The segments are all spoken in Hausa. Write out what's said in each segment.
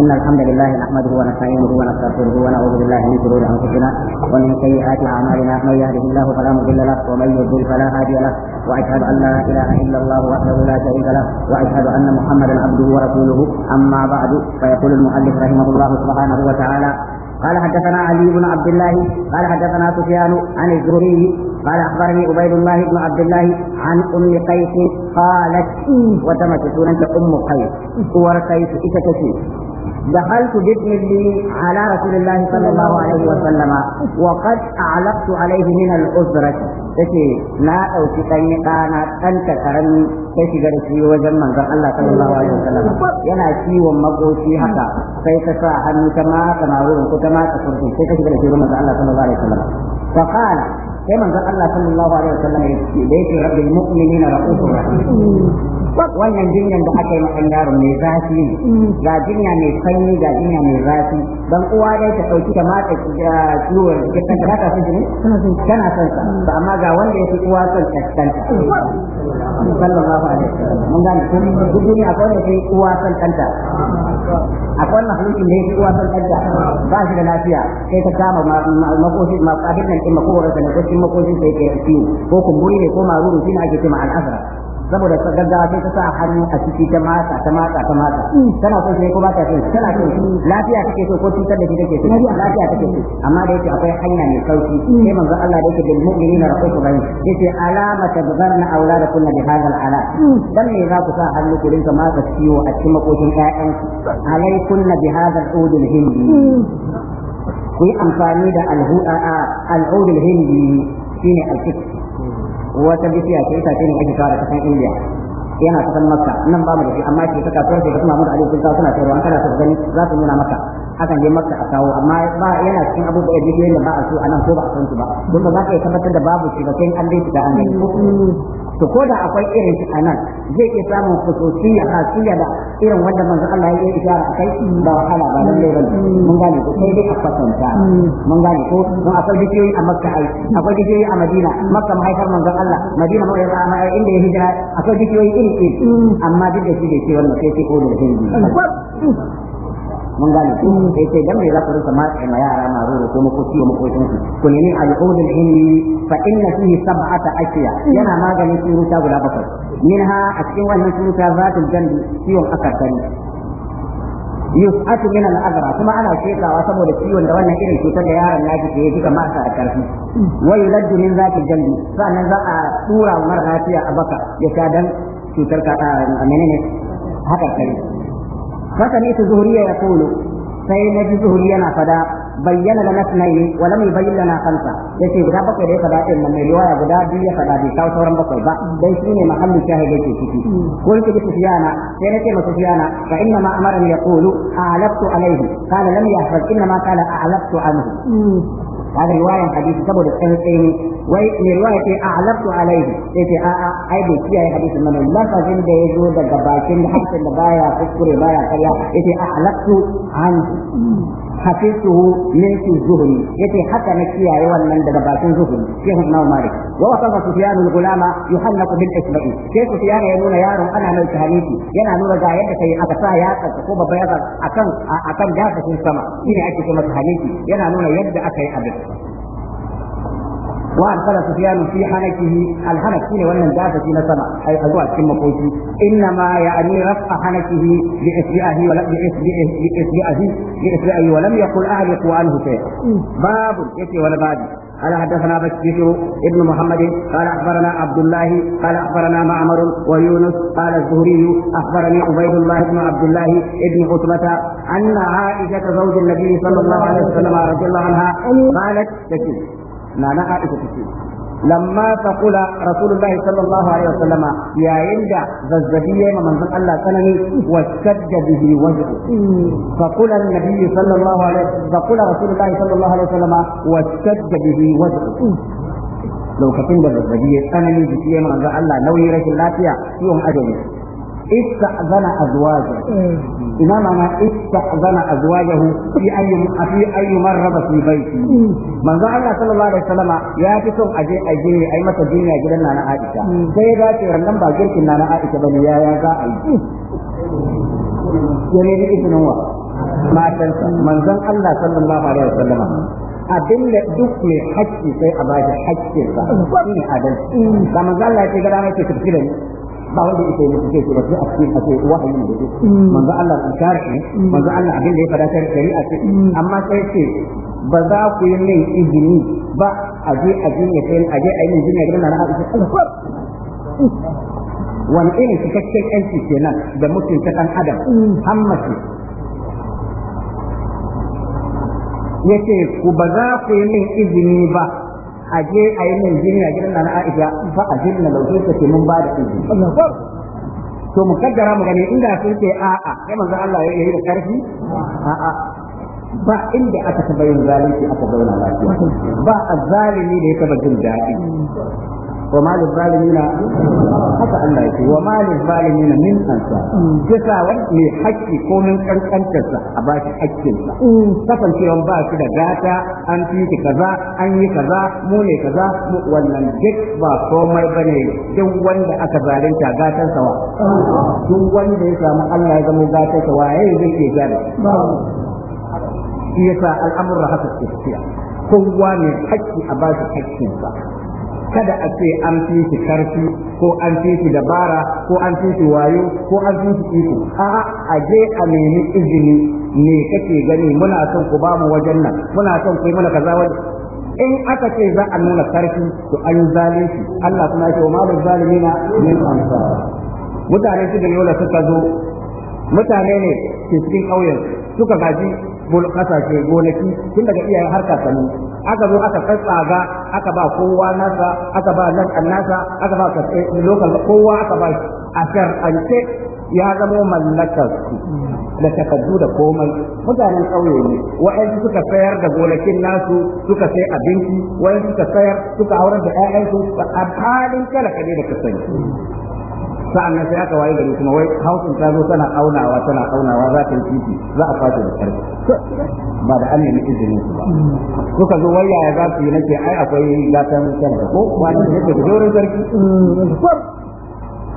إن الحمد لله نحمده ونستعينه ونستغفره ونعوذ بالله من شرور أنفسنا ومن سيئات أعمالنا من يهده الله فلا مضل له ومن يضلل فلا هادي له وأشهد أن لا إله إلا الله وحده لا شريك له وأشهد أن محمدا عبده ورسوله أما بعد فيقول المؤلف رحمه الله سبحانه وتعالى قال حدثنا علي بن عبد الله قال حدثنا سفيان عن الزهري قال اخبرني عبيد الله بن عبد الله عن ام قيس قالت إيه. وتمت سوره ام قيس ور قيس اتتشي دخلت باسم لي على رسول الله صلى الله عليه وسلم وقد أعلقت عليه من الأسرة تشي لا أوتي أنا أنت كرمي تشي قرشي وجمع الله صلى الله عليه وسلم ينا شيء ومقوشي حتى فيتسا أن كما كما روح كما تفرشي تشي قرشي ومقوشي الله صلى الله عليه وسلم فقال sai manzon Allah sallallahu alaihi wasallam ya ce da yake rabbil mu'minina ra'ufur rahim wannan jinyar da aka yi ma ɗan yaron mai zafi ne mm. ga jinya mai sanyi ga jinya mai zafi dan uwa dai ta ɗauki ta matsa uh, ciwon da ta ta sun ne tana son sa ba mm. amma ga wanda ya fi uwa son ta kanta mm. sallallahu alaihi wasallam mun gane ko duk duniya akwai wanda ya fi uwa son kanta akwai wannan hukuncin da ya fi uwa son kanta ba shi da lafiya sai ta kama makoshi ma abin nan din makowarar da na goshin makoshin sai ta yi ciwo ko kumburi ne ko maruru shi ne ake cewa al'azra saboda gaggawa sai ta sa hannu a ciki ta matsa ta matsa ta matsa mm. tana so sai ko ba ta so tana so mm. lafiya take so ko cutar da take so lafiya take so mm. amma da yake akwai hanya mai sauki sai manzo Allah da yake bil mu'minina rafiqu rahim yace alama tadgharna auladakunna bi hadha al-ala dan ne za ku sa hannu ku rinka matsa ciwo a cikin makoshin ƴaƴan ku. bi hadha al-ud al-hindi ku yi amfani da al-ud al-hindi shine al-kit wata bishiya ce ita ce ne ake fara kasan indiya yana kasan makka nan ba mu da shi amma ke ta kasuwar ke kuma Muhammad Ali ta suna sayarwa an kana gani za su nuna maka akan je makka a kawo amma ba yana cikin abubuwa bidiyoyin da ba a so a nan ko ba a san su ba don ba za ka iya tabbatar da babu shi ba sai an dai fita an gani to ko da akwai irin shi a nan zai iya samun kusosiya hasiya da irin wanda manzo Allah ya yi ishara a kai ba wahala ba lalle ba mun gane ko sai dai a kwatanta mun gane ko don akwai bidiyoyi a Makka ai akwai bidiyoyi a Madina Makka mahaifar manzo Allah Madina ma ya ma inda ya hijira akwai bidiyoyi iri iri amma duk da shi da shi wannan sai sai ko da hindi mun gane ko sai sai dan me za ku rinka ma yara ma roro ko makoci wa makocin ku nemi al-hindi fa inna fihi sab'ata ashiya yana maganin suruta guda bakwai minha a cikin wannan ciwon akasari yus'atu min al-azra kuma ana shekawa saboda ciwon da wannan irin cutar da yaron ya ji ya jika masa da karfi wa yuladdu min zati sannan za a tura mara lafiya a baka ya sha dan cutar ka menene haka فسمعت زهري يقول فإن زهري أنا فدا bayyana da nasnaye wala mai bayyana na kansa ya ce guda bakwai da ya fada ɗin nan mai riwaya guda biyu ya fada bai kawo sauran bakwai ba dan shi ne mahallin shahid yake ciki ko yake ji sufiyana sai na ce ma sufiyana fa inna ma amara ya qulu alaftu alayhi kana lam yahfaz inna ma kana alaftu anhu هذا رواية حديث سبب الثاني وي من رواية أعلمت عليه يتي آآ أي بيكي أي حديث من اللفظ ده يزود الدباكين حفظ النبايا فكر بايا كريا يتي أعلمت عنه حفظته من الزهري يتي حتى نكي أي ومن دباكين زهري شيخ ابن مالك ووصف سفيان الغلام يحلق بالإسبع شيخ سفيان يقول يا رب أنا من شهريتي ينا نور جاية كي أكسا ياكا كوبا بيضا أكن أكن جاسة سما إني أكي كما شهريتي ينا نور يد أكي أبدا wa arsala sufyanu fi hanakihi al hanaki ne wannan dafati na sama ai a zuwa cikin makoki inna ya ani rafa hanakihi bi isbi'ihi wa bi isbi'ihi bi isbi'ihi bi isbi'ihi wa lam yaqul ahliqu anhu fa babu yake wal قال حدثنا بشير ابن محمد قال اخبرنا عبد الله قال اخبرنا معمر ويونس قال الزهري اخبرني عبيد الله بن عبد الله بن عتبة ان عائشة زوج النبي صلى الله عليه وسلم رضي الله عنها قالت تكي نانا عائشة تكي lamma taqula rasulullah sallallahu alaihi wasallam yayin da zazzabi ya ma manzon Allah tsanani wa shadda bihi wajhu faqula an-nabi sallallahu alaihi faqula rasulullah sallallahu alaihi wasallam wa shadda bihi wajhu lokacin da zazzabi ya tsanani jiki ma manzon Allah nauyi rashin lafiya ciwon ajali استأذن أزواجه إمام معنى استأذن أزواجه في أي في أي مرة في بيته من ذا الله صلى الله عليه وسلم يا بكم أجي أجي أي ما تجيني أجي لنا أنا عائشة سيدا تيرنم باجر كنا أنا عائشة بني يا يا ذا أي يريد إذن هو ما تنسى من ذا الله صلى الله عليه وسلم abin da duk mai hakki sai a bashi hakkinsa shine adalci ba manzo Allah ya ce ga dama yake tafi da ni ba wanda yake yi mutum ce wasu a cikin ake wahayi ne mm. manzo Allah su share ne mm. manzo Allah abin da ya fada ta a ce mm. amma sai ce ba za ku yi min izini ba a je a ya kai a je a yi min jinya gidan na Aisha alfar wani irin cikakken yanci kenan da ta ɗan adam Ya ce ku ba za ku yi min izini ba a je a yi min jini a gidan na Aisha fa a jini na lauke ta ce mun ba da izini to mu kaddara mu gani inda sun ce a'a sai manzo Allah ya yi da karfi a'a ba inda aka taba yin zalunci aka zauna lafiya ba azzalimi da ya taba jin daɗi wa ma lil zalimina haka Allah yake wa ma lil zalimina min ansa kisa wani hakki ko min kankantarsa a ba shi hakkin sa ba shi da gata an fiti kaza an yi kaza mu ne kaza wannan duk ba komai bane duk wanda aka zalunta gatan sawa duk wanda ya samu Allah ya zama gatan sawa zai kowa a ba shi kada a ce an fi shi karfi ko an fi shi dabara ko an fi shi wayo ko an fi shi iko a'a a je a nemi izini ne kake gani muna son ku ba mu wajen nan muna son ku yi mana kaza wajen in aka ce za a nuna karfi to an zalunci Allah kuma ya ce wa ma zalimina min amsa mutane su da yola suka zo mutane ne ke cikin ƙauyen suka gaji bulkasa ke gonaki tun daga iyayen har kakanni aka zo aka tsatsaga aka ba kowa nasa aka ba nan nasa aka ba eh, lokal kowa aka ba a shar'ance ya zama mallakar su da takaddu da komai mutanen ƙauye ne wa'ansu suka sayar da gonakin nasu suka sai abinci wa'ansu suka sayar suka aurar da 'ya'yansu a halin talaka ne da kasance Sa'an sa'annan sai aka waye gari kuma wai hausin ta zo tana aunawa tana aunawa za ta yi titi za a kwace da karfi ba da an nemi izinin su ba suka zo wai yaya za su yi nake ai akwai gatan kanka ko wani ne ke gudurin sarki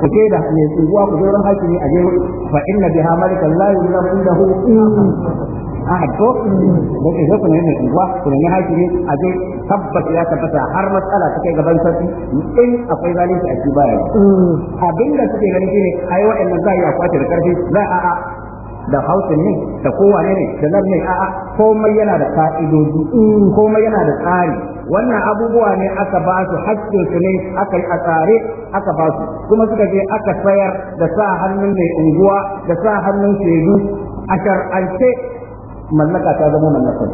ku ce da mai tsuguwa ku gudurin hakimi a je fa inna biha malikan la yuzlamu indahu A ko da ke ku ne mai unguwa ku ne hakimi a je tabbata ya tabbata har matsala ta kai gaban sarki in akwai zalunci a ci baya abin da suke gani shine ai waɗannan za a yi a kwace da ƙarfi za a a da hausin ne da kowane ne da nan ne a'a komai yana da ka'idoji komai yana da tsari wannan abubuwa ne aka ba su haƙƙin su ne aka yi a tsare aka ba su kuma suka je aka sayar da sa hannun mai unguwa da sa hannun shedu a shar'ance mallaka ta zama mallakar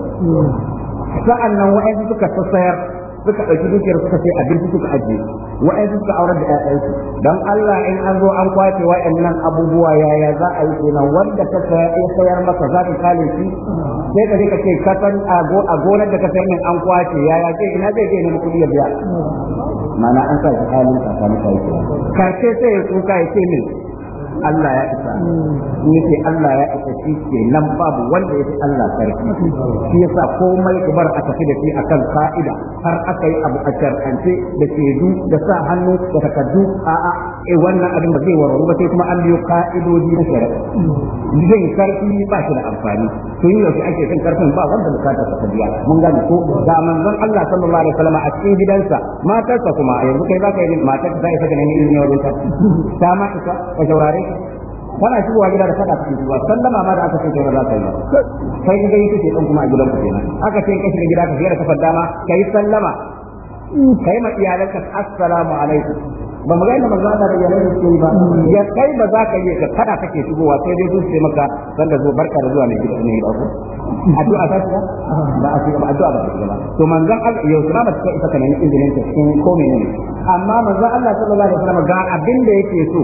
sa'an nan wa'yansu suka sassayar suka ɗauki dukiyar suka sai abinci suka ajiye wa'yansu suka aurar da ƴaƴansu Don Allah in an zo an kwace wa'annan abubuwa yaya za a yi kenan wanda ka sayar maka za ka kale shi sai ka je ka ce ka a gonar da ka sayar an kwace yaya ina zai je nemi kuɗi ya biya mana an sa shi halin kakanin kai kenan karshe sai ya kuka ya ce ne Allah ya isa in yake Allah ya isa shi ke nan babu wanda yake Allah sarki shi yasa komai kubar a tafi da shi akan ka'ida har aka yi abu a shar'ance da ke du da sa hannu da takardu a eh wannan abin ba zai warwaru ba sai kuma an biyo ka'idodi na shari'a jin sarki ba shi da amfani to yi yaushe ake kan karfin ba wanda bukata ta biya mun gane ko ga manzon Allah sallallahu alaihi wasallam a cikin gidansa matarsa kuma a yanzu kai za ka yi matar za ka yi ne ilimi wajen ta ta ma isa ka shaurare kana shigowa gida da fada cikin ruwa sallama ma da aka ce kai ba za ka yi ba kai ga yake ce dan kuma a gidan ku kenan aka ce kai shiga gida ka fira kafar dama kai sallama kai ma ka assalamu alaikum ba mu ga inda manzo Allah da iyalanka suke yi ba ya kai ba za ka yi ka ke kake shigowa sai dai sai maka dan da zo barka da zuwa ne gida ne ba ku addu'a ta ba ba a ba addu'a ba ba to manzon Allah yau suna ba ta isa kana yin izinin ta cikin ko menene amma manzon Allah sallallahu alaihi wasallam ga abin da yake so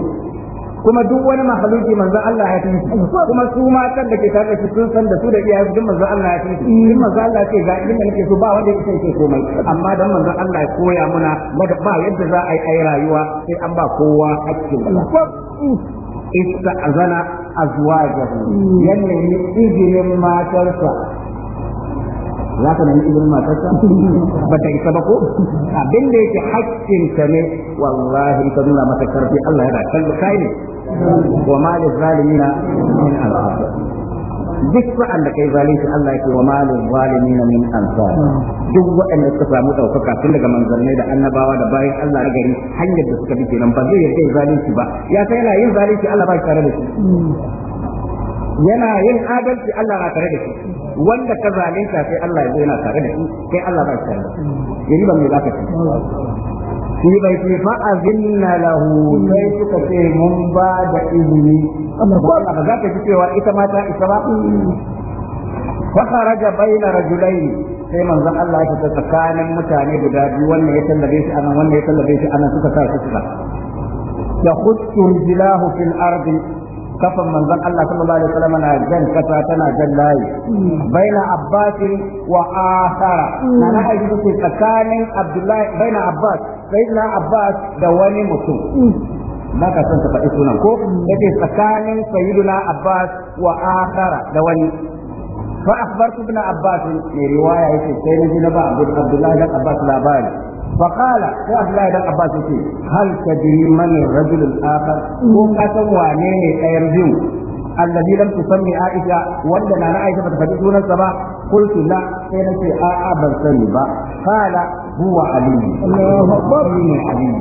kuma duk wani mahaluki manzo Allah ya fi kuma su matan da ke tare da sun san da su da iyaye duk manzo Allah ya fi duk manzo Allah ce ga inda nake so ba wanda yake so komai amma dan manzo Allah ya koya muna daga ba yadda za a yi ai rayuwa sai an ba kowa hakkin ista'zana azwajahu yanne ne izinin matarsa za ka nemi izinin matarsa ba ta isa ba ko abin da yake haƙƙinta ne wallahi ka nuna mata karfi Allah yana kallo kai ne wa ma lil zalimin min ansar duk sa'an da kai zalunci Allah yake wa ma lil zalimin min ansar duk waɗanda suka samu ɗaukaka tun daga manzannai da annabawa da bayan Allah da gari hanyar da suka bi kenan ba zai yarda zalunci ba ya kai yana yin zalunci Allah ba shi tare da shi yana yin adalci Allah na tare da shi wanda ka zalunta sai Allah ya zo yana tare da shi sai Allah ba shi tare da shi riba mai zaka ci shi bai ce fa azinna lahu sai suka ce mun ba da izini Allah ba za ka ji cewa ita ma ta isa ba fa kharaja bayna rajulaini sai manzon Allah ya fita tsakanin mutane guda biyu wannan ya tallabe shi anan wannan ya tallabe shi anan suka sa shi suka ya khuttu rijlahu fil ardi kafan manzon Allah sallallahu alaihi wasallam na jan kasa tana jan layi baina abbas wa athara nana aiki ce tsakanin abdullahi baina abbas sayyidina abbas da wani mutum ba ka son ka faɗi sunan ko yake tsakanin sayyidina abbas wa athara da wani fa akhbartu ibn abbas ne riwaya yake sai na ji ba abdullahi dan abbas labari فقال يا عبد الله بن عباس هل تدري من الرجل الاخر؟ هو وقسم وانين ايرجو الذي لم تسمي عائشه ولنا انا عائشه فتفتشون السبع قلت لا اين في ابا سلمى قال هو علي الله اكبر علي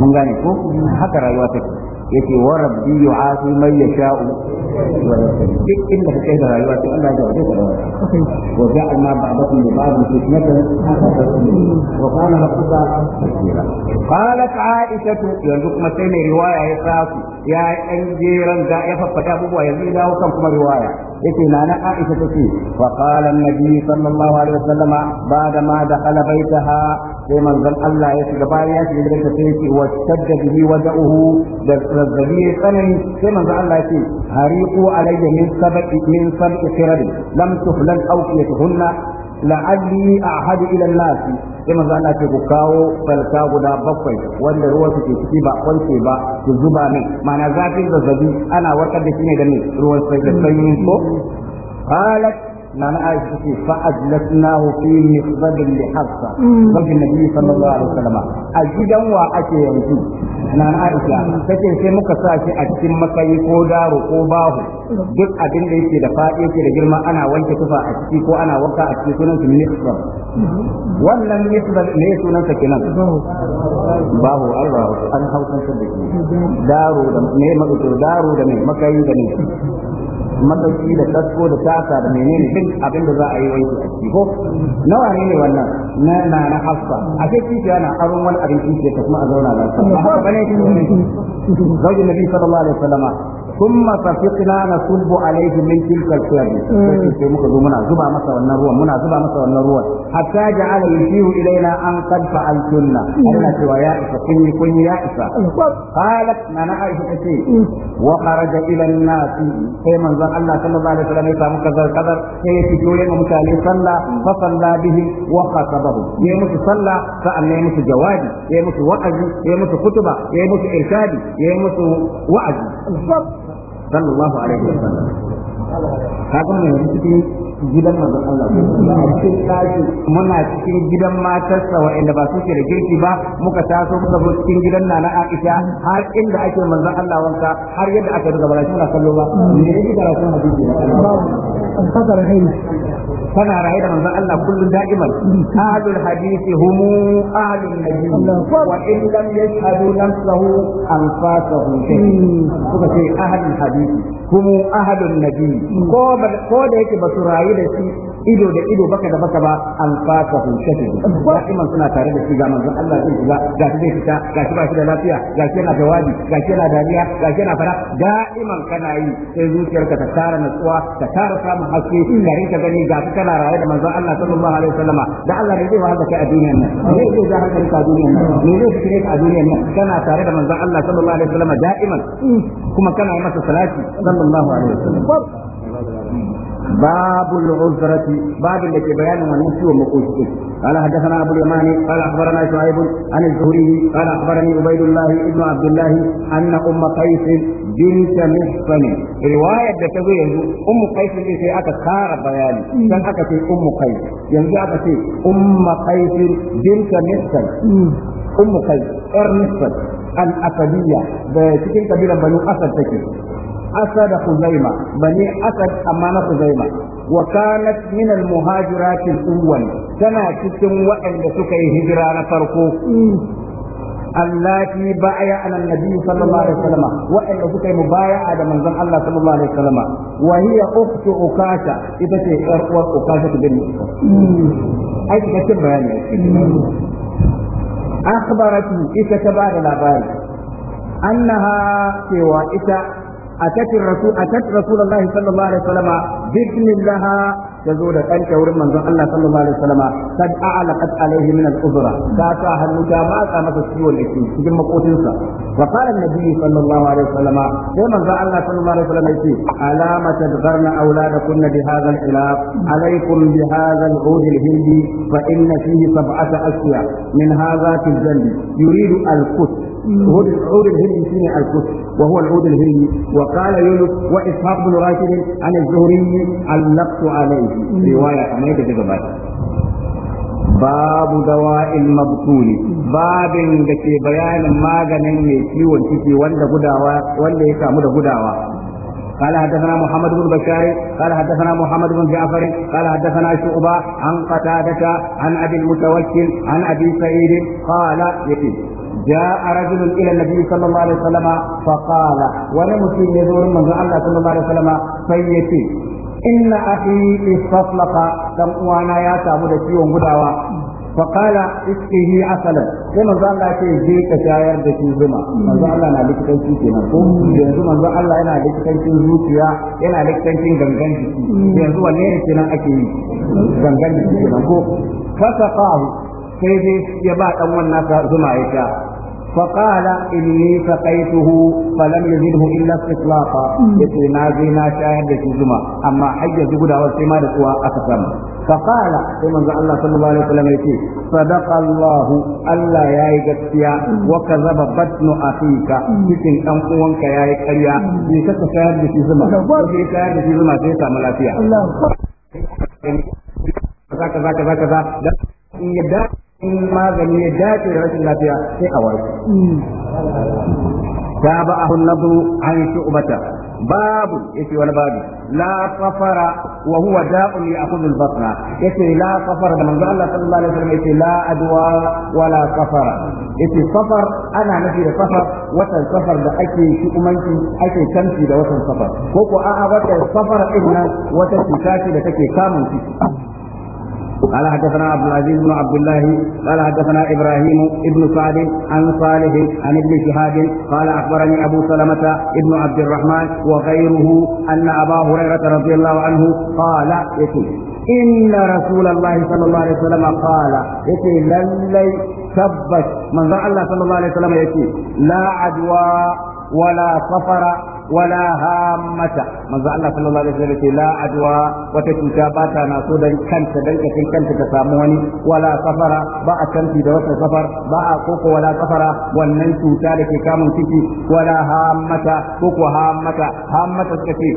من غير haka rayuwa take yake wa rabbi yu'afi man yasha'u ka da rayuwa sai Allah ya jabe ka wa ja'alna ba'dakum li ba'din fitnatan wa rabbuka qalat yanzu kuma mai riwaya ya ya an jeran da ya faffata abubuwa yanzu ya dawo kan kuma riwaya yake na na Aisha tace fa qala an-nabi sallallahu alaihi wasallama ba'da ma dakhala baitaha sai manzon Allah ya shiga bayan ya shiga gidansa sai yake wa shadda bihi wada'uhu da zazzabi ya tsanani sai manzon Allah ya ce hariqu alayya min sab'i min sab'i firadi lam tuhlan aw fiyatuhunna la'alli a'hadu ila an-nasi sai manzo Allah ce ku kawo falka guda bakwai wanda ruwa su ke ciki ba kwance ba ku zuba min ma'ana zafin zazzabi ana warkar da shi ne da ne ruwan sai da sanyi ko halat نانا عائشة فأجلسناه في مخضب لحفصة زوج النبي صلى الله عليه وسلم أجدا وأكي يمشي نانا عائشة تكي في مكساشي أجسم مكي yake da girma ana wanke a ciki wannan mixbar ne sunan kenan babu Allah an hausan da da makayi da madauki da kasko da tasa da menene duk abin da za a yi wanki a ciki ko nawa ne ne wannan na na na hafsa a ce kishi yana aron wani abin kishi ta kuma a zauna lafiya haka bane zaujin nabi sallallahu alaihi wasallama ثم فسقنا نصب عليه من تلك الشرب sai muka zo muna zuba masa wannan ruwan muna zuba masa wannan ruwan hatta ja'ala yushiru ilaina an qad fa'altunna Allah cewa ya isa kun yi kun ya isa qalat na na aisha tace wa kharaja ila an-nas sai manzon Allah sallallahu alaihi wasallam ya samu kazar kazar sai ya fito ya mutane sallah fa salla bihi wa khatabahum ya musu sallah sa'an ya musu jawabi ya musu wa'azi ya musu kutuba ya musu irshadi ya musu wa'azi sallallahu alaihi wasallam kaga mai cikin gidan mazan Allah a cikin ɗaki muna cikin gidan matarsa waɗanda ba suke da girki ba muka taso kusa zo cikin gidan na Aisha har inda ake mazan Allah wanka har yadda aka riga bara shi na kallo ba ne yake hadisi tana raye da manzon Allah kullum da'iman ahlul hadisi humu, ahlun nabi wa in lam yashhadu nafsahu anfasahu hmm. suka ce ahlul hadisi hum ahlun nabi ko da yake ba su raye da shi ido da ido baka da baka ba alfaka alfaqahu shadid da'iman suna tare da shi ga manzon Allah zai shiga ga shi zai fita ga shi ba shi da lafiya ga shi yana jawabi ga shi yana dariya ga shi yana fara da'iman kana yi sai zuciyarka ta tara natsuwa ta tara samun haske in garin ka gani ga shi kana raye da manzon Allah sallallahu alaihi wasallam da Allah ne zai wahala kai a duniyar nan ne zai zahar kai a duniyar nan ne zai fitire ka a duniyar nan kana tare da manzon Allah sallallahu alaihi wasallama da'iman kuma kana yi masa salati sallallahu alaihi wasallam باب العذرة باب التي بيان والنفي ومقوشك قال حدثنا أبو اليماني قال أخبرنا شعيب عن الزهري قال أخبرني عبيد الله ابن عبد الله أن أم قيس بنت محصن رواية تقول أم قيس دي في أكا خار بيان كان أكا في أم قيس ينجي أكا في أم قيس بنت محصن أم قيس إر محصن الأسدية cikin kabilar banu asad take أسد خزيمة بني أسد أمان خزيمة وكانت من المهاجرات الأول سنة تتم وأن سكي هجران فرقو allati baya a nabi sallallahu alaihi wasallam wa'anda suka yi mubaya'a da manzon Allah sallallahu alaihi wasallam wa hiya ukhtu ukasha ita ce yar uwar ukasha bin ai kika cin bayani akhbaratu ita ta ba da labari annaha ita أتت الرسول أتت رسول الله صلى الله عليه وسلم باسم لها تزول أنت ورم من الله صلى الله عليه وسلم قد أعلقت عليه من الأذرة كاتاها النجامات أمت السيو الإسم تجمع قوتنسا وقال النبي صلى الله عليه وسلم كما قال الله صلى الله عليه وسلم يسير ألا ما تدغرن أولادكن بهذا العلاق عليكم بهذا العود الهندي فإن فيه سبعة أشياء من هذا في الجنب يريد القدس العود الهندي فيه القدس وهو العود الهري وقال يونس وإسحاق بن راشد عن الزهري علقت عليه رواية حميد بن babu dawa'il mabtuni babin da ke bayanin maganin mai ciwon ciki wanda gudawa wanda ya kamu da gudawa قال حدثنا محمد بن بشار قال حدثنا محمد بن جعفر قال حدثنا شعبة عن قتادة عن أبي المتوكل عن أبي سعيد قال يكي جاء رجل إلى النبي صلى الله عليه وسلم فقال ولمسلم يزور من الله صلى الله عليه وسلم فيتي إن أخي استطلق دم وانا يا سامو دكيون غداوا فقال اسقه عسلا sai manzo Allah ya ce je ka shayar da shi zuma manzo Allah na likitanci kenan ko yanzu manzo Allah yana likitancin zuciya yana likitancin gangan jiki yanzu wanne kenan ake gangan jiki kenan ko fasaqahu sai dai ya ba dan wannan sa zuma ya sha fa qala inni faqaituhu fa lam yajidhu illa istiqlaqa yato na ji na shayar da shi zuma amma hajja ji gudawa sai ma da tuwa aka samu fa qala sai manzo Allah sallallahu alaihi wasallam yace sadaqa Allah Allah yayi gaskiya wa kazaba batnu akhika cikin dan uwanka ƙarya shayar da shi zuma shayar da shi zuma sai samu lafiya in magani ya dace da rashin lafiya sai a warke. Ta ba a hulabu an yi shi'ubata, babu ya ce wani babu, la safara wa huwa da'un ya akudu al ya ce la safara da manzo Allah sallallahu alaihi ya ce la adwa wa la safara ya ce safar ana nufi da safar watan safar da ake shi'umanci ake kanci da watan safar ko ko a'a safar din nan wata cuta ce da take kamun ciki قال حدثنا عبد العزيز بن عبد الله قال حدثنا ابراهيم بن سعد عن صالح عن ابن شهاب قال اخبرني ابو سلمه بن عبد الرحمن وغيره ان ابا هريره رضي الله عنه قال يتيم إن رسول الله صلى الله عليه وسلم قال يتي للي ثبت من الله صلى الله عليه وسلم يتي لا عدوى ولا صفر wala hammata manzo Allah sallallahu alaihi wasallam la adwa wata cuta bata ta na so dan kanta dan ka kai kanta ka samu wani wala safara ba kanti da wata safar ba koko wala safara wannan cuta da ke kamun ciki wala hammata koko hammata hammata suka ce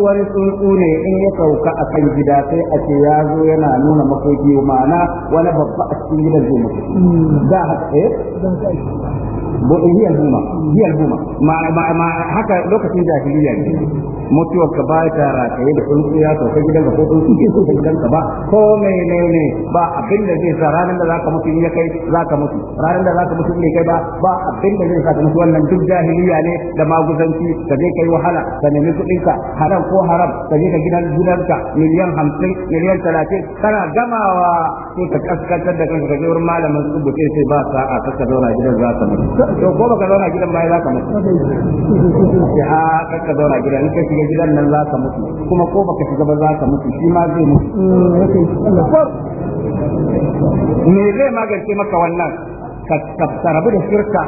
wani tsuntsu ne in ya sauka a kan gida sai a ce ya yana nuna makoki ma'ana wani babba a cikin gidan zai mutu hmm. Eh, hiyal buma hiyal buma ma haka lokacin jahiliya ne mutuwar ka ba ta rataye da tsuntsu ya sauka gidan ka ko tsuntsu ko so gidan ka ba ko menene ba abin da zai sa ranar da zaka mutu in ya kai zaka mutu ranar da zaka mutu ne kai ba ba abin da zai sa ka mutu wannan duk jahiliya ne da maguzanci ka je kai wahala ka nemi kuɗin ka haram ko haram ka je ka gidan ka miliyan hamsin miliyan talatin kana gamawa sai ka kaskantar da kanka ka je wurin malamin tsubuce sai ba sa'a ka zauna gidan zaka mutu to ko baka zauna gidan baya zaka mutu sai a kaka zauna gidan ka shiga gidan nan zaka mutu kuma ko baka shiga ba zaka mutu shi ma zai mutu me zai magance maka wannan ka rabu da shirka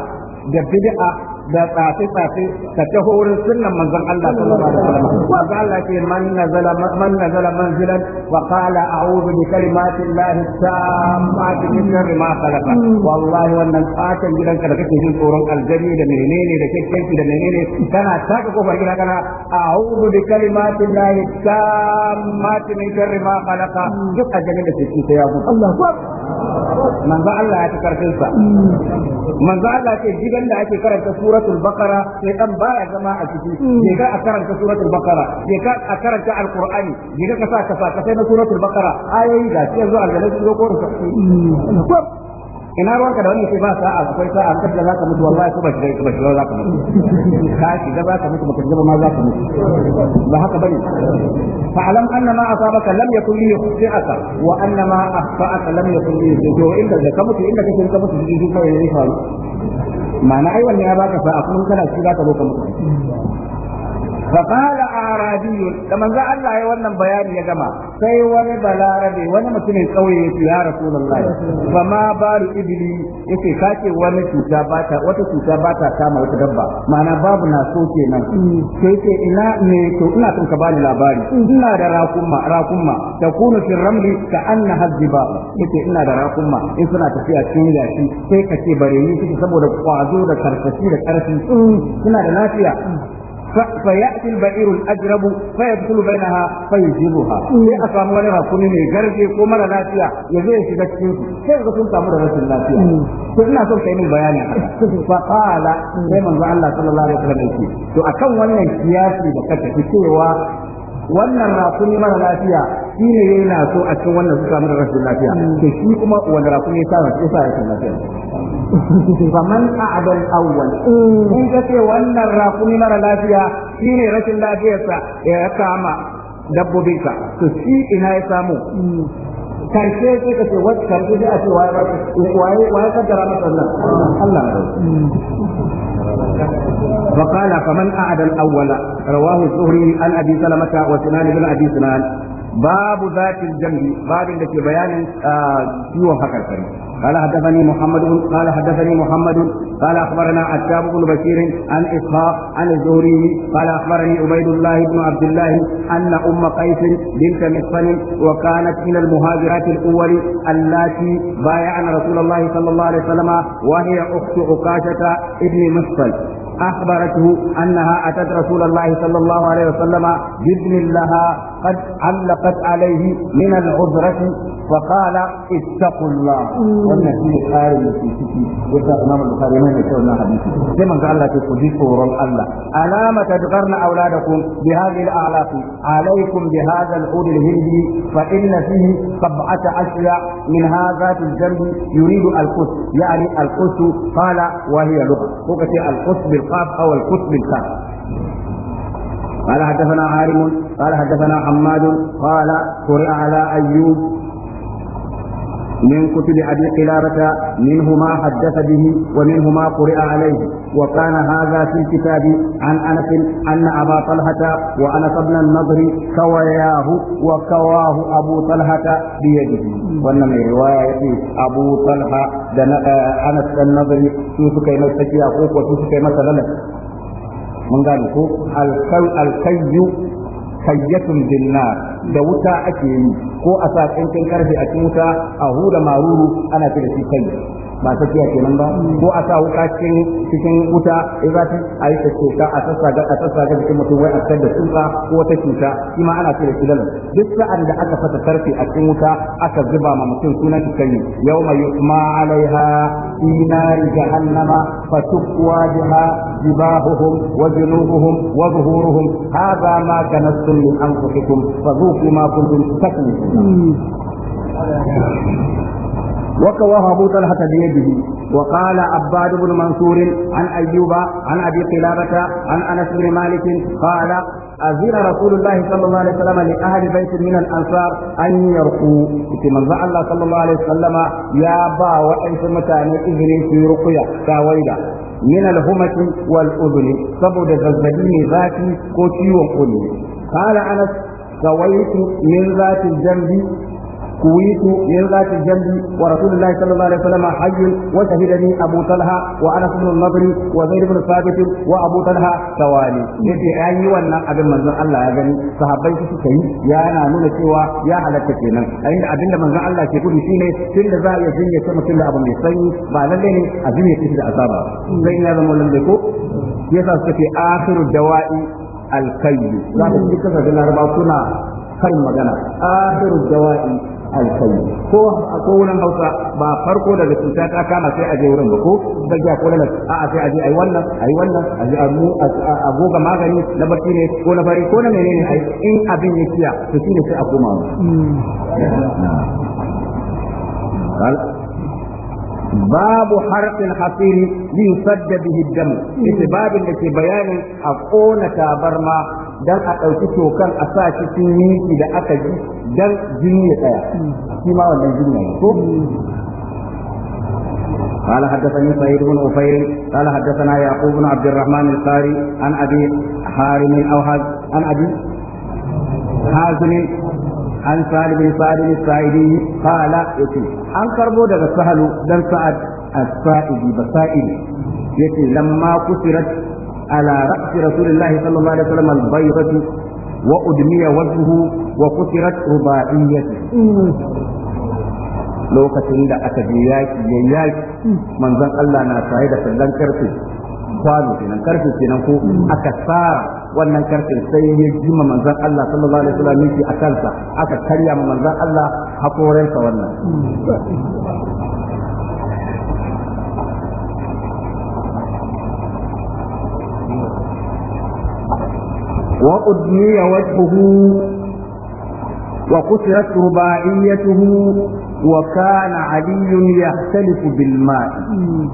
da bid'a da tsafi tsafi ka taho wurin sunnan manzon Allah sallallahu alaihi wasallam wa Allah ke man nazala man nazala manzilan wa qala a'udhu bi kalimati llahi tammati min sharri ma khalaqa wallahi wannan tsakan gidan ka da kake jin tsoron aljani da menene da kake da menene kana taka kofar gida kana a'udhu bi kalimati llahi tammati min sharri ma khalaqa duk aljanin da ke cikin ya mutu Allah manzo Allah ya ta karfin sa manzo Allah ke gidan da ake karanta surat suratul baqara sai dan baya zama a ciki ne mm. ga a karanta suratul baqara ne ga a karanta alqur'ani ne ga kasa kasa kasa na suratul baqara ayoyi da ke zuwa ga su zo ko ko mm. ina ruwanka da wannan sai ba sa'a akwai sa'a an za ka mutu wallahi ko ba shi ba shi ka mutu ka shi da ka mutu ba kaddara ma ka mutu ba haka bane fa alam anna ma asabaka lam yakun li yukhti'aka wa anna ma akhta'aka lam yakun li yukhti'aka inda da ka mutu inda kake ka mutu shi kai ne faru ma'ana ai wannan ya baka sa'a kuma kana shi zaka zo ka mutu فقال اعرابي لما جاء الله اي wannan bayani ya gama sai wani balarabe wani mutumin kauye ya ce ya rasulullahi fa ma bal ibli yake kace wani tuta bata wata tuta bata kama wata dabba mana babu na so nan sai ina ne to ina kun ka bani labari ina da rakumma rakumma ta kunu fil ramli ka anna hadiba yake ina da rakumma in suna tafiya cikin gashi sai kace bare ni saboda kwazo da karfafi da karfin suna da lafiya فيأتي البعير الأجرب فيدخل بينها فيجيبها sai a samu wani rakumi mai garje ko mara lafiya ya zai shiga cikin su sai ga sun samu da rashin lafiya to ina son kai min bayani fa qala sai manzo Allah sallallahu alaihi wasallam yake to akan wannan kiyasi da kake cewa wannan rakumi mara lafiya shi ne yana so a cikin wannan suka mara rashin lafiya to shi kuma wanda rakumi ya sa yasa rashin lafiya faman abin awwal mm. in ka ce wannan ne mara lafiya shi ne rashin lafiyarsa ya kama dabbobinka to shi ina ya samu mm. karshe ce ka ce wata karshe ce a ce waye waye kaddara masa mm. Allah Allah فقال فمن أعد الأول رواه الزهري عن أبي سلمة وسنان بن أبي سنان باب ذات الجنب باب لك بيان آه سوى فكر قال حدثني محمد قال حدثني محمد قال اخبرنا عتاب بن بشير عن اسحاق عن الزهري قال اخبرني عبيد الله بن عبد الله ان ام قيس بنت مسفن وكانت من المهاجرات الاول اللاتي بايعن رسول الله صلى الله عليه وسلم وهي اخت عكاشه ابن مسفن اخبرته انها اتت رسول الله صلى الله عليه وسلم بابن لها قد علقت عليه من العذرة فقال اتقوا الله wannan shi ne tsarin ke ciki ya sa imam al-bukhari mai da na hadisi sai manzo Allah ke ku ji tsoron Allah alama tadgharna auladakum bi hadhihi al-a'laq alaykum bi hadha al-ud al-hindi fa inna fihi sab'ata ashya min hadha yuridu al-qus yani al-qus qala wa hiya lugha ko قال حدثنا عارم قال حدثنا حماد قال قرئ على أيوب من كتب أبي قلابة منه ما حدث به ومنه ما قرئ عليه وكان هذا في الكتاب عن أنس أن أبا طلحة وأنس بن النضر كوياه وكواه أبو طلحة بيده وإنما رواية أبو طلحة أنس النضر سوسك يمسكي أخوك وسوسك يمسك mun gane ko alkayyu kayyatun binnar da wuta ake yi ko a sa tsinkin karfe a cikin wuta a hula maruru ana ce da shi kai ba ta ke kenan ba ko a sa wuka cikin wuta in za ta a yi tsoka a sassaga a sassaga cikin mutum wai a tsar da tsuka ko wata cuta shi ma ana ce da kilalan duk sa'an da aka fata karfe a cikin wuta aka zuba ma mutum suna sunan shi kai yawma yusma alaiha fi nari jahannama fatukwa biha ma وجنوبهم وظهورهم هذا ما كنتم fa أنفسكم kuma ما ta تكنزون وكواه أبو طلحة بيده وقال عباد بن منصور عن أيوب عن أبي قلابة عن أنس بن مالك قال أذن رسول الله صلى الله عليه وسلم لأهل بيت من الأنصار أن يرقوا من الله صلى الله عليه وسلم يا با وأنت مكان إذن في رقية كاويدا من الهمة والأذن سبب الزلزلين ذاتي كوتي وقلي قال أنس سويت من ذات الجنب كويت لغاية الجنب ورسول الله صلى الله عليه وسلم حي وشهدني أبو طلحة وأنس بن النضر وزيد بن ثابت وأبو طلحة ثواني يتي أي ولا أبن من الله يغني صحابي سكي يا أنا نونا سوى يا على تكينا أي أبن من الله يقول شيني تند ذا يزين يسمى تند أبو ميسي بعد ذلك أزين يتشد أصابه زين هذا مولن بكو يسا سكي آخر الدواء الكي لا تكتسى لنا ربا كنا karin magana akhiru dawa'i alkai ko a wurin Hausa ba farko daga cuta ta kama sai a je wurin ba ko daga ko lalas a a sai a je yi wannan yi wannan a je a goga magani na barci ne ko na fari ko na menene yi. in abin ya kiya to ne sai a koma باب حرق الحصير ليسد به الدم في باب التي بيان أقون تابرما dan a ɗauki tokan a sa cikin minti da aka ji dan jini ya tsaya shi ma wannan jini ne ko قال حدثني سعيد بن عفير قال حدثنا يعقوب بن عبد الرحمن القاري عن ابي حارم او عن ابي حازم عن سالم بن سعد الساعدي قال يتي عن كربو دغ سهل دن سعد الساعدي بسائل يتي لما كسرت على رأس رسول الله صلى الله عليه وسلم البيضة وأدمي وجهه وكسرت رباعيته lokacin da aka je yaki Allah na tsaye da sallan karfe kwano kenan karfe kenan ko aka tsara wannan karfe sai ya jima manzon Allah sallallahu alaihi wasallam yake a kansa aka karya manzon Allah hakoransa wannan وأدني وجهه وكسرت رباعيته وكان علي يختلف بالماء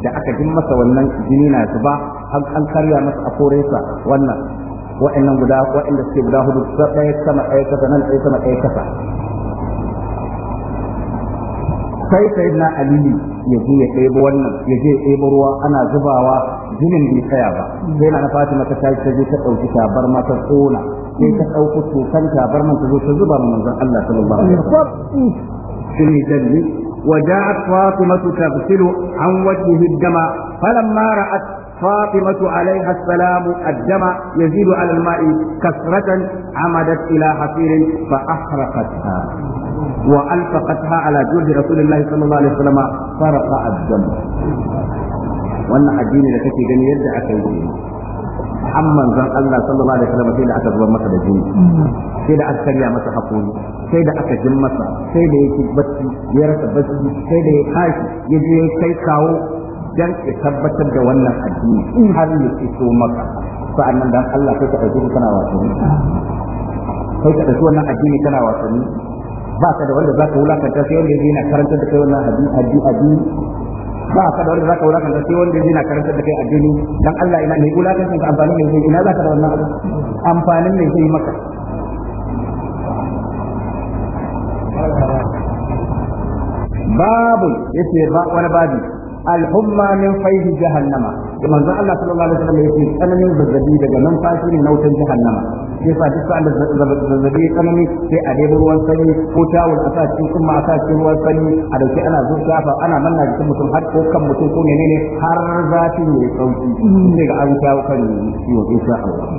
da aka jin masa wannan jini na zuba an karya masa a koresa wannan wa'annan guda wa'anda suke guda hudu ɗaya sama ɗaya kasa nan ɗaya sama ɗaya kasa sai sai na aliyu ya je ya wannan ya je ya ruwa ana zubawa ginin bai tsaya ba sai na Fatima ta tashi ta je ta ɗauki tabar ma ta kona sai ta ɗauki tokan tabar man ta zo ta zuba zan Allah sallallahu alaihi wasallam shin dalili وجاءت فاطمة تغسل عن وجهه الدم فلما رأت فاطمة عليها السلام الدم يزيد على الماء كثرة عمدت إلى حفير فأحرقتها وألفقتها على جرح رسول الله صلى الله عليه وسلم فرق الدم wannan addini da kake gani yadda aka yi Muhammad zan Allah sallallahu alaihi wasallam sai da aka zubar masa da jini sai da aka karya masa hakuri sai da aka jin masa sai da yake bacci ya rasa bacci sai da ya tashi ya je kai kawo dan ya tabbatar da wannan addini in har ya iso maka sa'annan dan Allah sai ka dauki kana wasanni sai ka dauki wannan addini kana wasanni ba ka da wanda za ka wulakanta sai wanda ya yana karanta da kai wannan addini ba ka da wanda zaka kan sai wanda yana karanta da kai addini dan Allah ina ne wulakanta ka amfani ne sai ina zaka da wannan abu amfanin ne sai maka babu yace ba wani babu al-humma min fayhi jahannama zan Allah sallallahu alaihi wasallam yace tsananin zazzabi daga nan fashi ne na wutan jahannama sai sa duk sa'an da zazzabi ya tsanani sai a dai ruwan sanyi ko tawul a sa cikin ma a sa ruwan sanyi a dauke ana zurfafa ana manna jikin mutum har ko kan mutum ko menene har zafi ne sauki ne ga an shawo kan ciwon insha Allah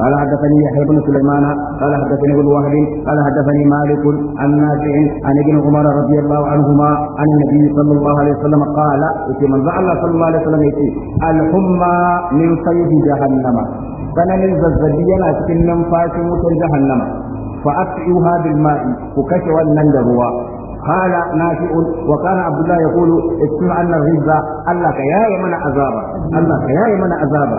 قال حدثني يحيى بن سليمان قال حدثني ابن وهب قال حدثني مالك عن نافع عن ابن عمر رضي الله عنهما عن النبي صلى الله عليه وسلم قال في من الله صلى الله عليه وسلم يتي الحمى من صيد جهنم tsananin zazzabi yana cikin numfashin wutar jahannama fa asqiha bil ma'i ku kashe wannan da ruwa قال نافع وكان عبد الله يقول اسمع ان الرزق الله كيا من عذابا الله كيا من عذابا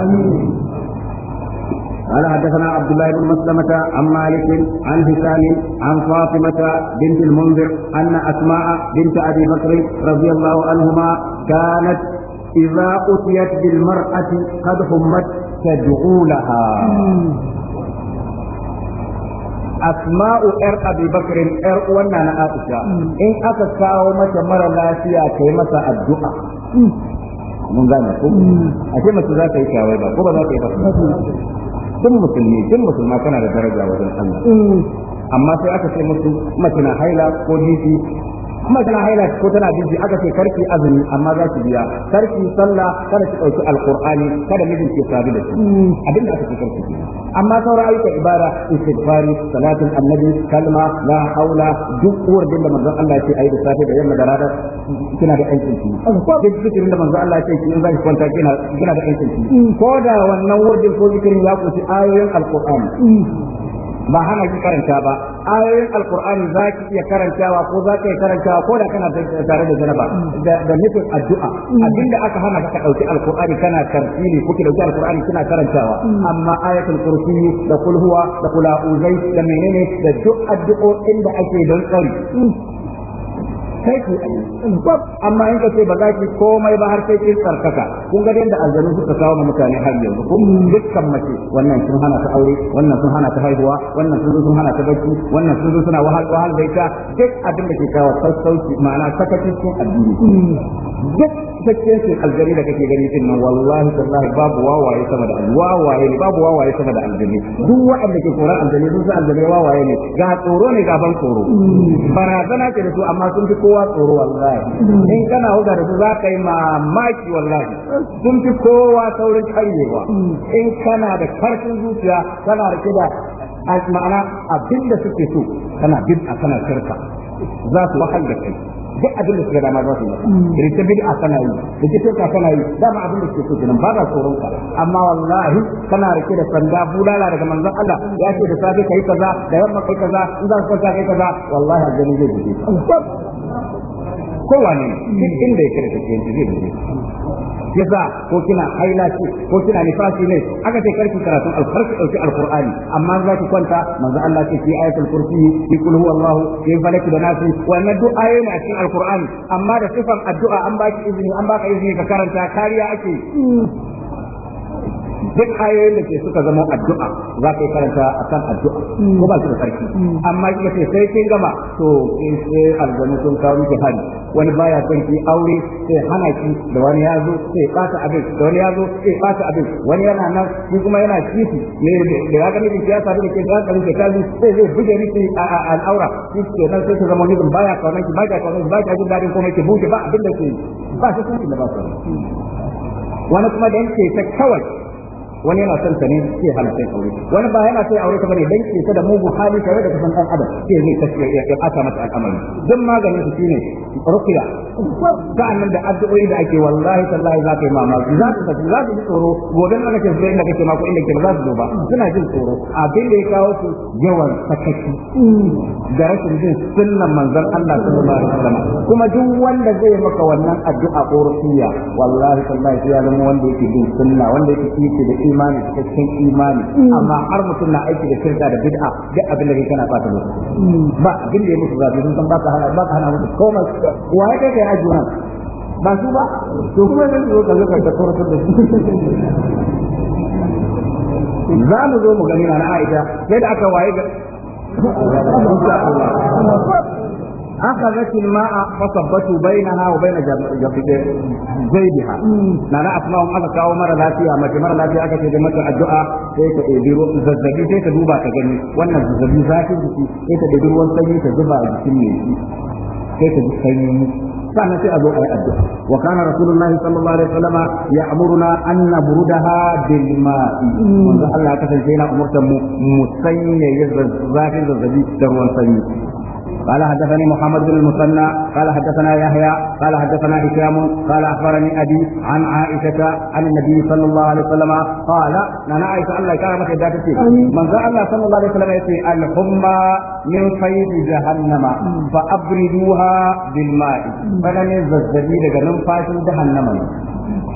قال حدثنا عبد الله بن مسلمة عن مالك عن هشام عن فاطمة بنت المنذر أن أسماء بنت أبي بكر رضي الله عنهما كانت إذا أتيت بالمرأة قد حمت تدعو لها أسماء إر أبي بكر إر وأنا أنا أتشا إن أتشا وما تمر لا فيها كلمة الدعاء من gane ku a ce mace za tun musulmi tun musulma kana da daraja wajen Allah mm. amma sai aka ce musu mace na haila ko jifi kuma tana haila ko tana biji aka ce karki azumi amma za ki biya karki sallah kada ki dauki alqur'ani kada mijin ki sabi da shi abin da aka ce karki amma sauran ayyukan ibada istighfari salatin annabi kalma la haula duk uwar da manzon Allah ya ce ayi da safe da yamma da rana kina da aikin ki duk zikirin da manzon Allah ya ce in zai ki kwanta kina kina da aikin ki ko da wannan wurdin ko zikirin ya kusi ayoyin alqur'ani ba hana ki karanta ba ayoyin alqur'ani za iya karantawa ko za iya karantawa ko da kana tare da janaba da nufin addu'a mm. abinda aka hana ka dauki alqur'ani kana tartili ko ki dauki alqur'ani kana karantawa mm. amma ayatul kursi da kul huwa da kul a'udhu da menene da duk addu'o'in da ake don tsari mm. sai ku bab amma in ka ba za ki komai ba har sai kin tsarkaka kun ga yadda aljanu suka kawo ma mutane har yanzu kun dukkan mace wannan sun hana ta aure wannan sun hana ta haihuwa wannan sun sun hana ta bacci wannan sun sun suna wahal wahal da ita duk abin da ke kawo sassauci ma'ana sakaci cikin addini duk sakke ce aljani da kake gani din nan wallahi tallahi babu wawaye sama da wawaye ne babu wawaye sama da aljani duk wa'anda ke koran aljani sun san aljani wawaye ne ga tsoro ne ga ban tsoro barazana ce da su amma sun fi kowa tsoro wallahi in kana huda da su za ka yi mamaki wallahi sun fi kowa saurin karyewa in kana da karfin zuciya kana da kida ma'ana abin da suke so kana bin a kana shirka za su wahal da kai duk abin da suka dama za su yi bin a kana yi rike shirka kana yi dama abin da suke so kenan ba za tsoron ka amma wallahi kana rike da sanda bulala daga manzon Allah ya ce da safe kai kaza da yamma kai kaza in za su kai kaza wallahi zai guje kowane duk inda ya kira tafiyanci zai bude yasa ko kina haila ce ko kina nifasi ne aka ce karki karatun alfarki dauki alkur'ani amma za ki kwanta manzo Allah ce fi ayatul kursi ki kul huwallahu ki falak da nasu wannan du'a a cikin alkur'ani amma da sifan addu'a an baki izini an baka izini ka karanta kariya ake duk ayoyin da ke suka zama addu'a za ka yi karanta a kan addu'a ko ba su da sarki amma kika ce sai kin gama to sai aljanu sun kawo miki hari wani baya son ki aure sai hana ki da wani ya zo sai fata abin da wani ya zo sai fata abin wani yana nan shi kuma yana kifi ne da ya ga miki ya sabu da ke da kan ke kaji sai zai buge miki al'aura shi ke nan sai ka zama wani baya kaunar ki baya kaunar ki baya jin dadin komai ki buge ba abin da ke ba shi kun da ba su wani kuma da yake ta kawai wani yana son ta ne sai aure wani ba yana sai aure ta bane dan ke da mugun hali tare da kasan dan adam ke zai kashe ya aka mata al'amari dan maganin su shine ruqya nan da addu'o'i da ake wallahi tallahi za ka yi mamaki za ka za ka ji tsoro gobe in aka zai sai ma kake mako inda ke za su zo ba suna jin tsoro abin da ya kawo su yawan sakaci da rashin jin sunnan manzon Allah sallallahu alaihi wasallam kuma duk wanda zai maka wannan addu'a ko rukiya wallahi tallahi sai ya zama wanda yake bin sunna wanda yake kike da imani cikakken imani mm. amma har mutum na aiki da shirka da bid'a duk abin da kana fata lokaci mm. ba abin da ya musu zafi sun san ba ka hana ba ka hana musu komai wa ya kai haji wannan ba su ba to kuma zan zo ka zo ka da tsoratar da su za mu zo mu gani na Aisha yadda aka waye ga أخذت الماء فصبته بينها وبين جيبها نانا أسماهم أفكا ومرة لا فيها ما مرة لا فيها أكثر جمعة الدعاء sai ta ɗebi zazzabi sai ta duba ta gani wannan zazzabi zafin jiki sai ta ɗebi ruwan sanyi ta zuba a jikin mai sai ta ji sanyi sannan sai a zo a yi addu'a wa kana rasulullahi ya amuruna an nabrudaha bil ma'i Allah kasance na umurtar mu mu sanya zafin zazzabi da ruwan sanyi قال حدثني محمد بن المثنى قال حدثنا يحيى قال حدثنا هشام قال اخبرني ابي عن عائشه عن النبي صلى الله عليه وسلم قال انا عائشه الله كان مك ذات من ذا الله صلى الله عليه وسلم يتي الحمى من فيض جهنم فابردوها بالماء فلن يزدري daga numfashin jahannama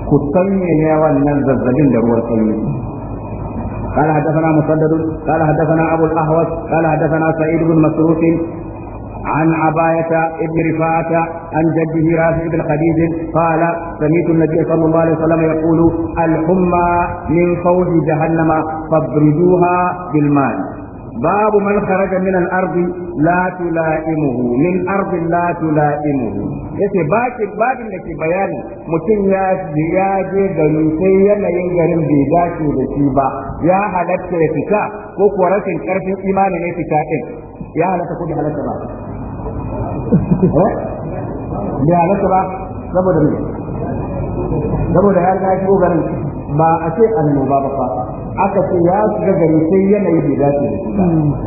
ku sanya wannan zazzabin da ruwan sanyi قال حدثنا مسدد قال حدثنا ابو الاهوس قال حدثنا سعيد بن مسروق عن عباية ابن رفاعة عن جده رافع بن خديج قال سمعت النبي صلى الله عليه وسلم يقول الحمى من فوج جهنم فابردوها بالماء باب من خرج من الارض لا تلائمه من ارض لا تلائمه yace bakin babin da ke bayani mutum ya ya je gari sai yanayin garin bai dace da shi ba ya halatta ya fita ko kuwa rashin karfin imani ne fita din ya halatta ko bai halatta ba bai halatta ba saboda me saboda ya riga ya shigo garin ba a ce annoba ba fa aka ce ya ga gari sai yanayi bai da hmm.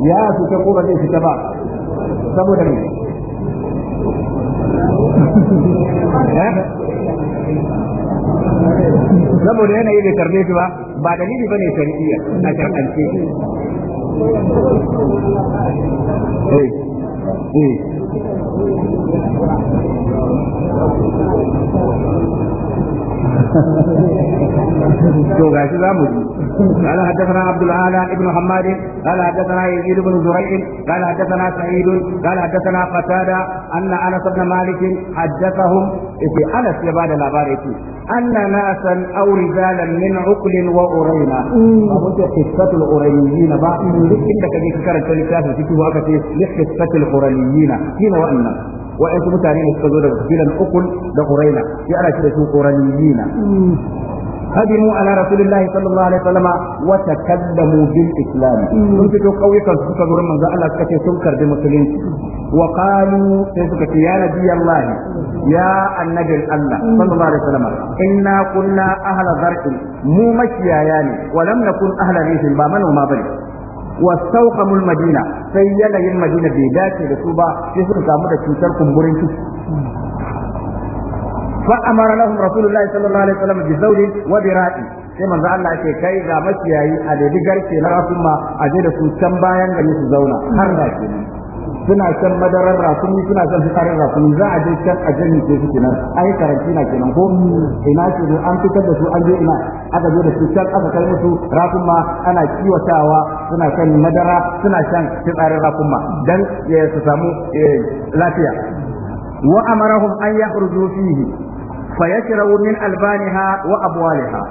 ya ko ba zai fita ba saboda ne eh? saboda yanayi bai karbe shi ba ba dalili ne shari'iyya a shar'ance eh eh to gashi zamu ji قال حدثنا عبد الاعلى ابن حماد قال حدثنا يزيد بن زريع قال حدثنا سعيد قال حدثنا قتاده ان انس بن مالك حدثهم في انس يبعد الابارك ان ناسا او رجالا من عقل وارينا فبوت قصه الارينيين بعد انك جيت كرت لكاسه في وقت لقصه الارينيين هنا وانس waɗansu mutane ne suka zo daga kabilan ukul da quraina sai ana kira su quraniyina هدموا على رسول الله صلى الله عليه وسلم وتكلموا islam. sun fito kauyukan suka zo manzo Allah suka ce sun karbi musulunci wa qalu sai suka ce ya nabi Allah ya annabi Allah sallallahu alaihi wasallam inna kunna ahla zar'in mu mashiyaya ne wa lam nakun ahla rihin ba manoma bane wastauqamul madina sai yanayin madina bai dace da su ba sai suka samu da cutar kumburin ciki fa amara sallallahu alaihi wasallam bi zawli wa bi sai manzo Allah ya kai ga makiyayi a daidai garke na rasuma a je da su bayan gari su zauna har da kenan suna san madarar rasumi suna shan fitarar rakumi za a je can a janye ke su yi ai na kenan ko ina ce an fitar da su an je ina aka zo da su can aka kai musu rakuma ana kiwatawa suna shan madara suna shan fitarar rakuma dan ya eh, su samu eh, lafiya wa amarahum an yakhruju fihi wurin min albaniha wa abwaliha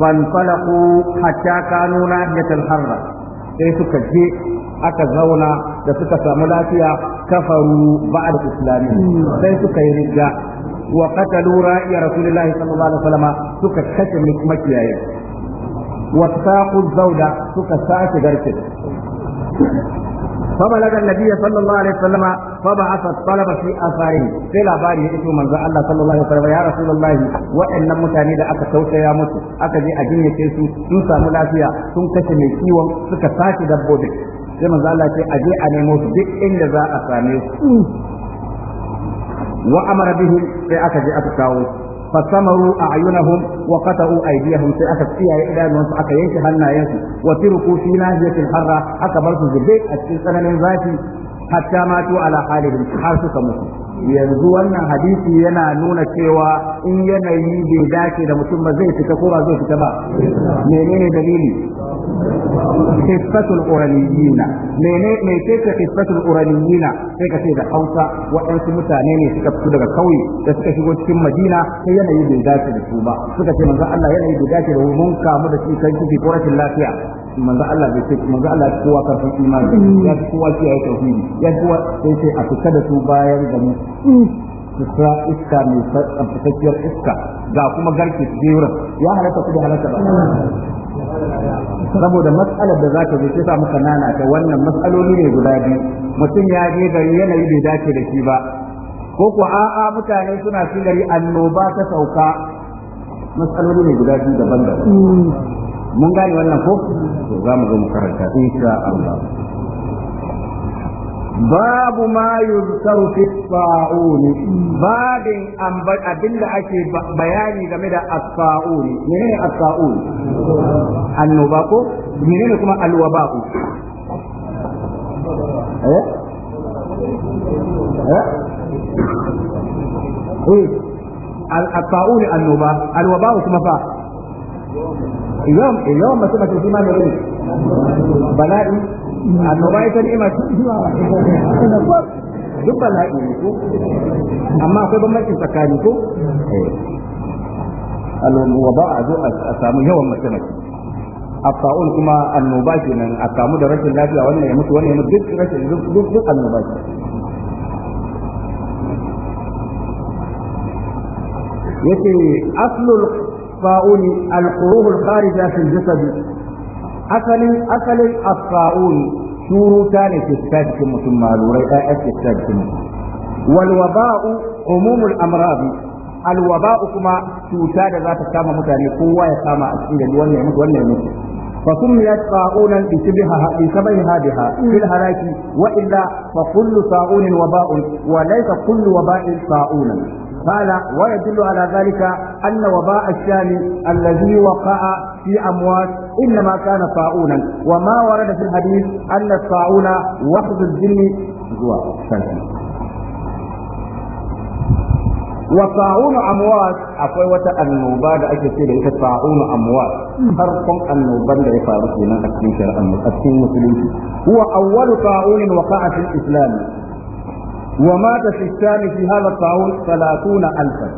فانطلقوا hatta kanuna da sai suka je aka zauna da suka samu lafiya kafaru ba'ad islami sai suka yi rigga wa qatalu ra'iya rasulillahi sallallahu alaihi wasallam suka kashe makiyaye wa saqu zauda suka sace garke فبلغ النبي صلى الله عليه وسلم فبعث الطلب في اثاره sai labari ya ito manzo Allah sallallahu alaihi wasallam ya rasulullahi wa'annan mutane da aka tausaya musu aka je a jinyace su sun samu lafiya sun kashe mai kiwon suka sace dabbobi sai manzo Allah ce a je a nemo su duk inda za a same su wa amara bihi sai aka je aka kawo fasamaru a'yunahum wa qata'u aydiyahum sai aka tsiyaye idanunsu aka yanke hannayensu wa tirku fi nahiyatil harra aka bar su zube a cikin tsananin zafi hatta matu ala halihim har suka mutu yanzu wannan hadisi yana nuna cewa in yanayi bai dace da mutum ba zai fita ko ba zai fita ba menene dalili kifatul uraniyina menene ne ce ka kifatul uraniyina sai ka ce da Hausa waɗansu mutane ne suka fito daga kauye da suka shigo cikin Madina sai yanayi bai dace da su ba suka ce manzo Allah yanayi bai dace da mun kamu da cikin kiki ko rashin lafiya manzo Allah bai ce manzo Allah ya kowa karfin imani ya kowa kiyaye tauhidi ya kowa sai sai a fita da su bayan su fitra iska mai fitakkiyar iska ga kuma garke jera ya halaka su da halaka ba saboda matsalar da za ta zo sai sa muka nana ta wannan matsaloli ne guda biyu mutum ya je da yanayi bai dace da shi ba ko ko a'a mutane suna cin gari annoba ta sauka matsaloli ne guda biyu daban-daban mun gane wannan ko to za mu zo mu karanta insha Allah babu ma yuzkaru fi sa'un babin abinda ake bayani game da as-sa'un menene as-sa'un annoba ko menene kuma alwaba ko eh eh al-sa'un annoba alwaba kuma fa yawan yawan masu mace shi ma ne ne bala'i annoba ita ni'ima duk bala'i ne ko amma akwai bambancin tsakani ko alwaba a zo a samu yawan mace mace afa'ul kuma annoba kenan a kamu da rashin lafiya wannan ya mutu wannan ya mutu duk rashin duk annoba ce aslul الصاؤون القروه الخارجة في الجسد أصل أصل الطاعون شورو تاني في السادس ثم لوري آيات والوباء عموم الأمراض الوباء كما توتا ذات كما متاني قوة كما أسئلة ولا يموت ولا يموت فسميت طاعونا بسبب هذه في الهلاك وإلا فكل طاعون وباء وليس كل وباء طاعونا قال ويدل على ذلك ان وباء الشام الذي وقع في اموات انما كان طاعونا وما ورد في الحديث ان الطاعون وحد الجن وطاعون اموات اقوى النوبة ايش يصير لك طاعون اموات فرق النوبة اللي يفارق لنا اكثر هو اول طاعون وقع في الاسلام ومات في الشام في هذا الطاعون 30 ألفا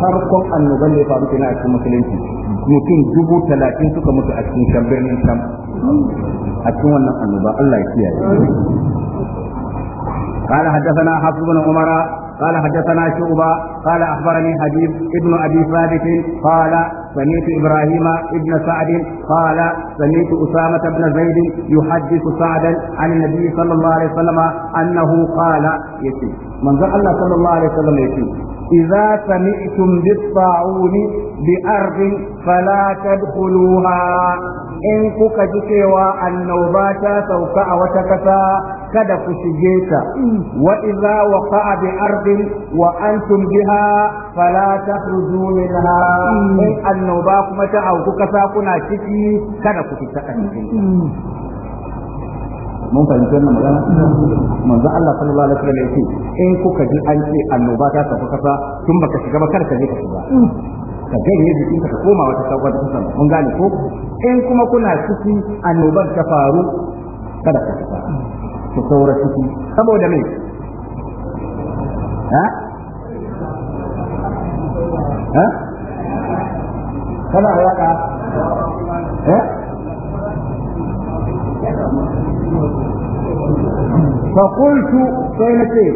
farkon annoban da ya faru kenan a cikin musulunci mutum dubu talatin suka mutu a cikin shan birnin a cikin wannan annoba Allah ya kiyaye قال حدثنا حفص بن عمر قال حدثنا شعبة قال أخبرني حبيب ابن أبي ثابت قال سمعت إبراهيم ابن سعد قال سمعت أسامة بن زيد يحدث سعدا عن النبي صلى الله عليه وسلم أنه قال يتي من ذا الله صلى الله عليه وسلم يتي إذا سمعتم بالطاعون بأرض فلا تدخلوها in kuka ji cewa annoba ta sauka a wata kasa kada ku shige ta wa idza waqa'a bi ardin wa antum biha fala takhruju minha in annoba kuma ta auku kasa kuna ciki kada ku fita a mun fahimci wannan magana manzo Allah sallallahu alaihi wasallam yake in kuka ji an ce annoba ta tafi kasa tun baka shiga ba kada ka je ka shiga ka ne jikin ka koma wata sabuwar kasa mun gane ko in kuma kuna ciki annoban ta faru kada ka shiga su saura ciki saboda me ha ha kana ha فقلت سينتي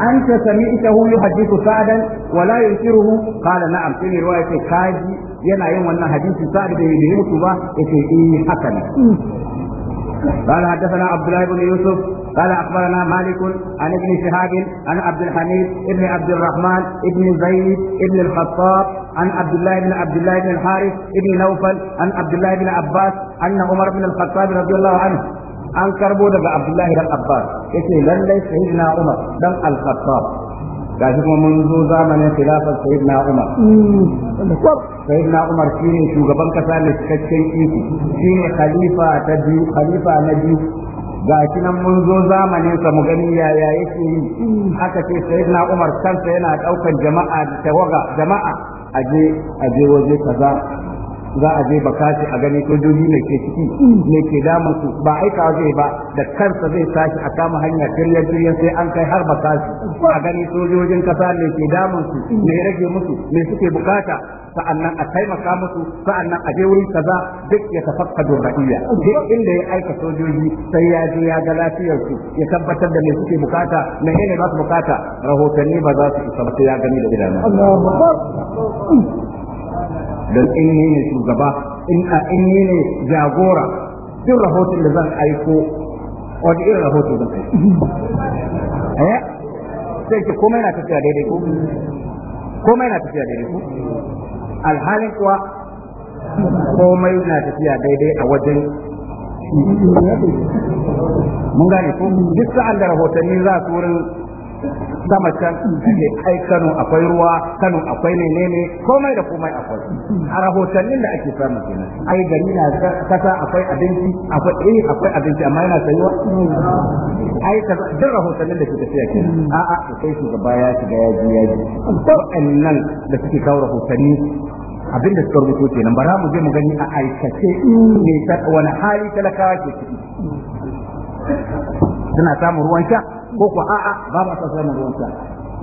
أنت سمعته يحدث سعدا ولا ينكره قال نعم في رواية كاجي ينا يوم أن حديث سعد بن يوسف يتي إيه حكم قال حدثنا عبد الله بن يوسف قال اخبرنا مالك عن ابن شهاب عن عبد الحميد ابن عبد الرحمن ابن زيد ابن الخطاب عن عبد الله بن عبد الله بن الحارث ابن نوفل عن عبد الله بن عباس عن عمر بن الخطاب رضي الله عنه عن كربو بن عبد الله بن عباس كسي لن سيدنا عمر بن الخطاب كاشي منذ زمن خلافة سيدنا عمر سيدنا عمر شيني شو قبل كسالي سكتشين ايكو شيني خليفة تدري خليفة نجيب ga shi nan mun zo zamanin sa mu gani yaya yake yi aka ce sayyidina Umar kansa yana daukan jama'a da tawaga jama'a aje aje waje kaza za a je bakashi a gani sojoji ne ke ciki ne ke damun su ba aika zai ba da kansa zai tashi a kama hanya tiryan tiryan sai an kai har bakashi a gani sojojin kasa ne ke damun su ne rage musu ne suke bukata sa'annan a taimaka musu sa'annan a je wurin kaza duk ya tafakkadu ra'iya duk inda ya aika sojoji sai ya je ya ga lafiyar su ya tabbatar da me suke bukata na ne ba su bukata rahotanni ba za su isa ba sai ya gani da idanu don in ni ne shugaba in a in ni ne jagora duk rahoton da zan aiko wani irin rahoton da kai eh sai ki komai na tafiya daidai ko komai na tafiya daidai ko alhalin kuwa komai na tafiya daidai a wajen mun gane ko duk sa'an da rahotanni za su wurin sama can ne ai Kano akwai ruwa Kano akwai menene komai da komai akwai a rahotannin da ake samu kenan ai gari na kasa akwai abinci akwai eh akwai abinci amma yana sayuwa ai kaza duk rahotannin da ke tafiya kenan a a akwai shugaba ya shiga ya ji ya ji wa'annan da kike kawo rahotanni abinda suka rubuto kenan bara mu je mu gani a aikace ne wani hali talakawa ke ciki suna samun ruwan sha ko ko a'a ba ma san sanin ruwan sha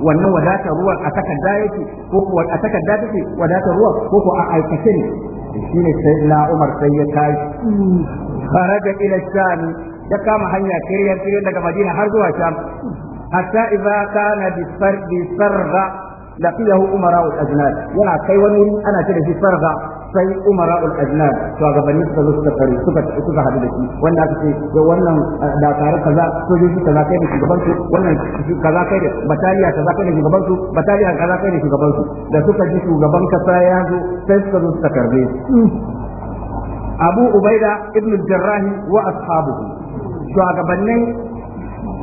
wannan wadatar ruwan a takarda yake ko ko a takarda take wadatar ruwan ko ko a aikace ne shine sai na Umar sai ya kai kharaja ila sham ya kama hanya kiriyar kiriyar daga Madina har zuwa sham hatta idza kana bi sarga laqiyahu umara al-ajnad yana kai wani ana ce da shi sai umara ul ajnab to ga bani suka zo ta kare suka suka hadu da shi wannan ga wannan da tare kaza to ji kaza kai da shugaban su wannan kaza kai da bataliya kaza kai da shugaban su bataliya kaza kai da shugaban su da suka ji shugaban sai ya zo sai suka zo suka karbe Abu Ubaida ibn Jarrah wa ashabuhu shugabannin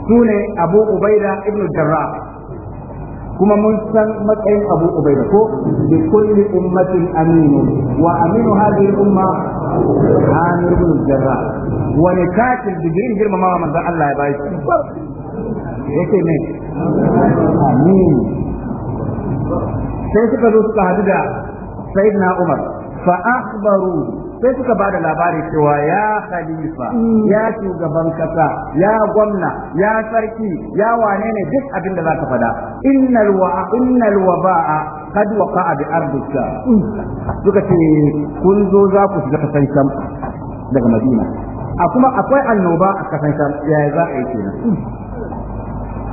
sune Abu Ubaida ibn Jarrah kuma mun san matsayin abu ubaida ko bi kulli ummatin aminu wa aminu hadhihi umma amir ibn jarrah wa ne katin digirin girmamawa manzon Allah ya bayi yake ne amin sai suka zo suka hadu da sayyidina umar fa akhbaru sai suka ba da labari cewa ya khalifa mm. ya shugaban kasa ya gwamna ya sarki ya wane ne duk abin da zaka fada innal wa innal waba'a qad waqa'a bi ardika mm. suka ce kun zo za ku shiga kasan sam daga madina a kuma akwai annoba a kasan sam ya za a yi kenan mm.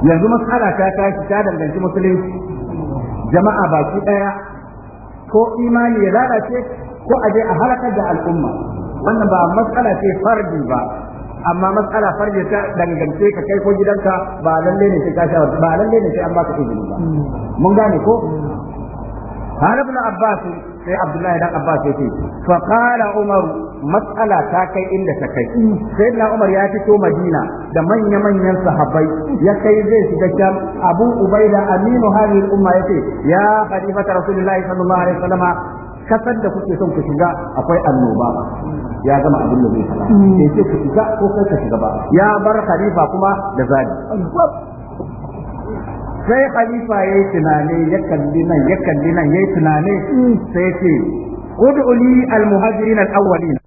yanzu mas'ala ta tashi ta danganci musulunci jama'a baki daya ko imani ya lalace ko a je a halakar da al'umma wannan ba matsala ce fardi ba amma matsala farji ta dangance ka kai ko gidanka ba lalle ne sai ka sha ba lalle ne sai an baka izini ba mun gane ko har ibn abbas sai abdullahi dan abbas yake fa qala umar matsala ta kai inda ta kai sai na umar ya fito madina da manya manyan sahabbai ya kai zai shiga can abu ubaida aminu hadhihi al-umma ce ya khalifata rasulullahi sallallahu alaihi wasallam kasar da kuke son ku shiga akwai annoba ya gama abin da zai faɗa sai ku shiga ko kai ka shiga ba ya bar khalifa kuma da zabi sai khalifa yayi tunani ya kalli nan ya kalli nan yayi tunani mm. sai ce ud'u li al-muhajirin al-awwalin